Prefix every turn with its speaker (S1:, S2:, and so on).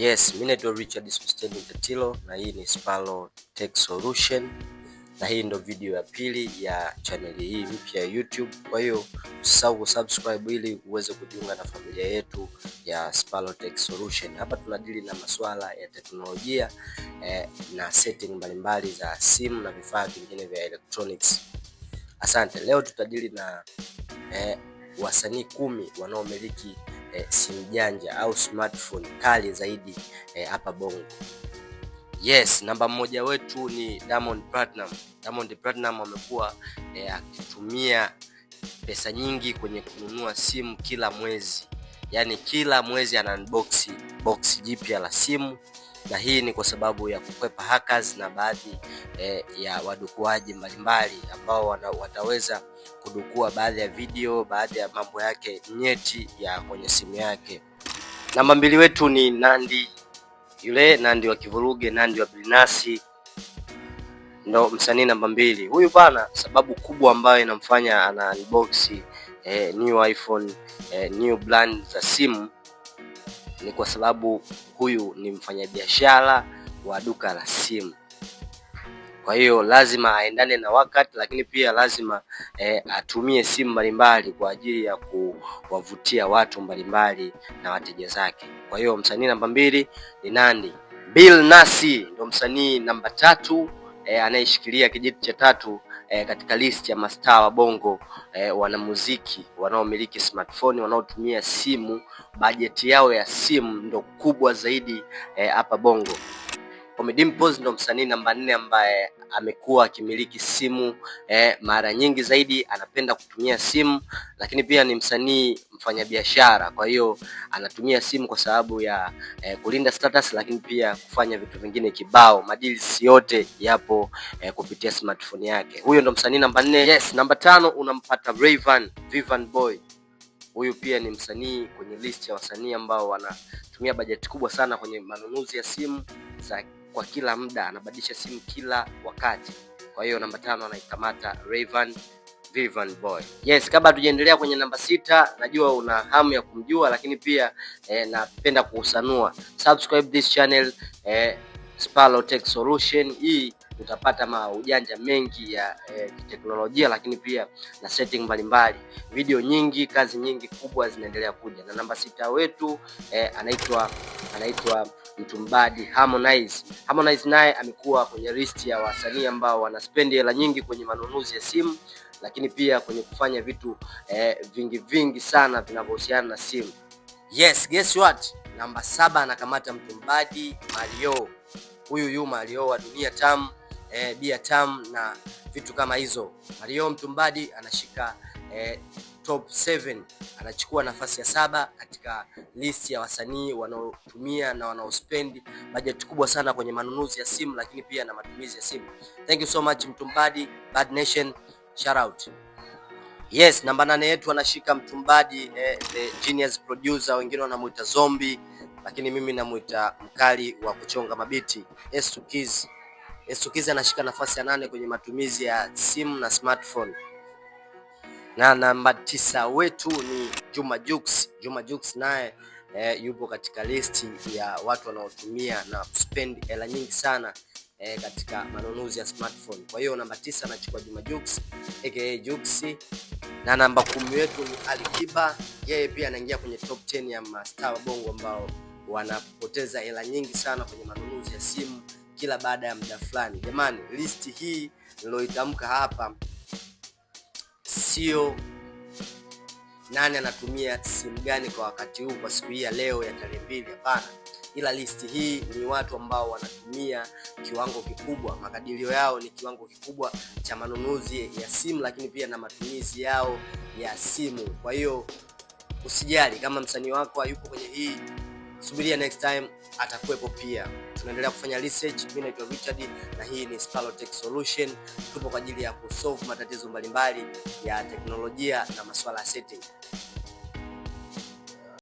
S1: Yes, mimi naitwa Richard Sposteni Mtatilo na hii ni Spalo Tech Solution na hii ndo video ya pili ya chaneli hii mpya ya YouTube. Kwa hiyo usisahau kusubscribe ili uweze kujiunga na familia yetu ya Spalo Tech Solution. Hapa tunadili na masuala ya teknolojia eh, na setting mbalimbali za simu na vifaa vingine vya electronics. Asante. Leo tutadili na eh, wasanii kumi wanaomiliki e, simu janja au smartphone kali zaidi eh, hapa e, Bongo. Yes, namba mmoja wetu ni Diamond Platinum. Diamond Platinum amekuwa e, akitumia pesa nyingi kwenye kununua simu kila mwezi, yaani kila mwezi ana unbox box jipya la simu na hii ni kwa sababu ya kukwepa hackers na baadhi eh, ya wadukuaji mbalimbali ambao wana, wataweza kudukua baadhi ya video, baadhi ya mambo yake nyeti ya kwenye simu yake. Namba mbili wetu ni Nandi, yule Nandi wa Kivuruge, Nandi wa Bilinasi ndo msanii namba mbili huyu bana. Sababu kubwa ambayo inamfanya ana unbox eh, new iPhone eh, new brand za simu ni kwa sababu huyu ni mfanyabiashara wa duka la simu. Kwa hiyo lazima aendane na wakati, lakini pia lazima eh, atumie simu mbalimbali kwa ajili ya kuwavutia watu mbalimbali na wateja zake. Kwa hiyo msanii namba mbili ni nani? Bill Nasi ndo msanii namba tatu eh, anayeshikilia kijiti cha tatu e, katika list ya mastaa wa Bongo e, wanamuziki wanaomiliki smartphone wanaotumia simu, bajeti yao ya simu ndo kubwa zaidi eh, hapa e, Bongo. Omid ndo msanii namba nne ambaye amekuwa akimiliki simu eh, mara nyingi zaidi anapenda kutumia simu, lakini pia ni msanii mfanyabiashara. Kwa hiyo anatumia simu kwa sababu ya eh, kulinda status, lakini pia kufanya vitu vingine kibao. Madilisi yote yapo eh, kupitia smartphone yake. Huyo ndo msanii namba nne. Yes, namba tano unampata Rayvan Vivan Boy. Huyu pia ni msanii kwenye list ya wasanii ambao wanatumia bajeti kubwa sana kwenye manunuzi ya simu za kwa kila muda, anabadilisha simu kila wakati. Kwa hiyo namba tano anaikamata Rayvanny Vivian Boy. Yes, kabla tujaendelea kwenye namba sita, najua una hamu ya kumjua lakini pia eh, napenda kuusanua. Subscribe this channel eh, Spalo Tech Solution. Hii utapata maujanja mengi ya eh, teknolojia lakini pia na setting mbalimbali. Video nyingi, kazi nyingi kubwa zinaendelea kuja. Na namba sita wetu eh, anaitwa anaitwa mtumbadi Harmonize. Harmonize naye amekuwa kwenye listi ya wasanii ambao wanaspendi hela nyingi kwenye manunuzi ya simu, lakini pia kwenye kufanya vitu eh, vingi vingi sana vinavyohusiana na simu. Yes, guess what? Namba saba anakamata mtumbadi Mario. Huyu yu Mario wa dunia tamu eh, bia tamu na vitu kama hizo. Mario mtumbadi anashika eh, top 7 anachukua nafasi ya saba katika listi ya wasanii wanaotumia na wanaospendi bajeti kubwa sana kwenye manunuzi ya simu, lakini pia na matumizi ya simu. Thank you so much Mtumbadi, Bad Nation, shout out. Yes, namba nane yetu anashika Mtumbadi eh, the genius producer, wengine wanamuita zombie, lakini mimi namuita mkali wa kuchonga mabiti Esukiz. Esukiz anashika nafasi ya nane kwenye matumizi ya simu na smartphone na namba tisa wetu ni Juma Jux. Juma Jux naye eh, yupo katika listi ya watu wanaotumia na spend hela nyingi sana eh, katika manunuzi ya smartphone. Kwa hiyo namba tisa anachukua Juma Jux aka Jux, na namba kumi wetu ni Alikiba, yeye pia anaingia kwenye top 10 ya mastaa wa Bongo ambao wanapoteza hela nyingi sana kwenye manunuzi ya simu kila baada ya muda fulani. Jamani, listi hii niloitamka hapa sio nani anatumia simu gani kwa wakati huu kwa siku hii ya leo ya tarehe mbili, hapana, ila listi hii ni watu ambao wanatumia kiwango kikubwa, makadirio yao ni kiwango kikubwa cha manunuzi ya simu, lakini pia na matumizi yao ya simu. Kwa hiyo usijali kama msanii wako hayupo kwenye hii, subiria next time atakuwepo pia tunaendelea kufanya research. Mimi naitwa Richard na hii ni Starlotech Solution. Tupo kwa ajili ya kusolve matatizo mbalimbali ya teknolojia na masuala ya setting.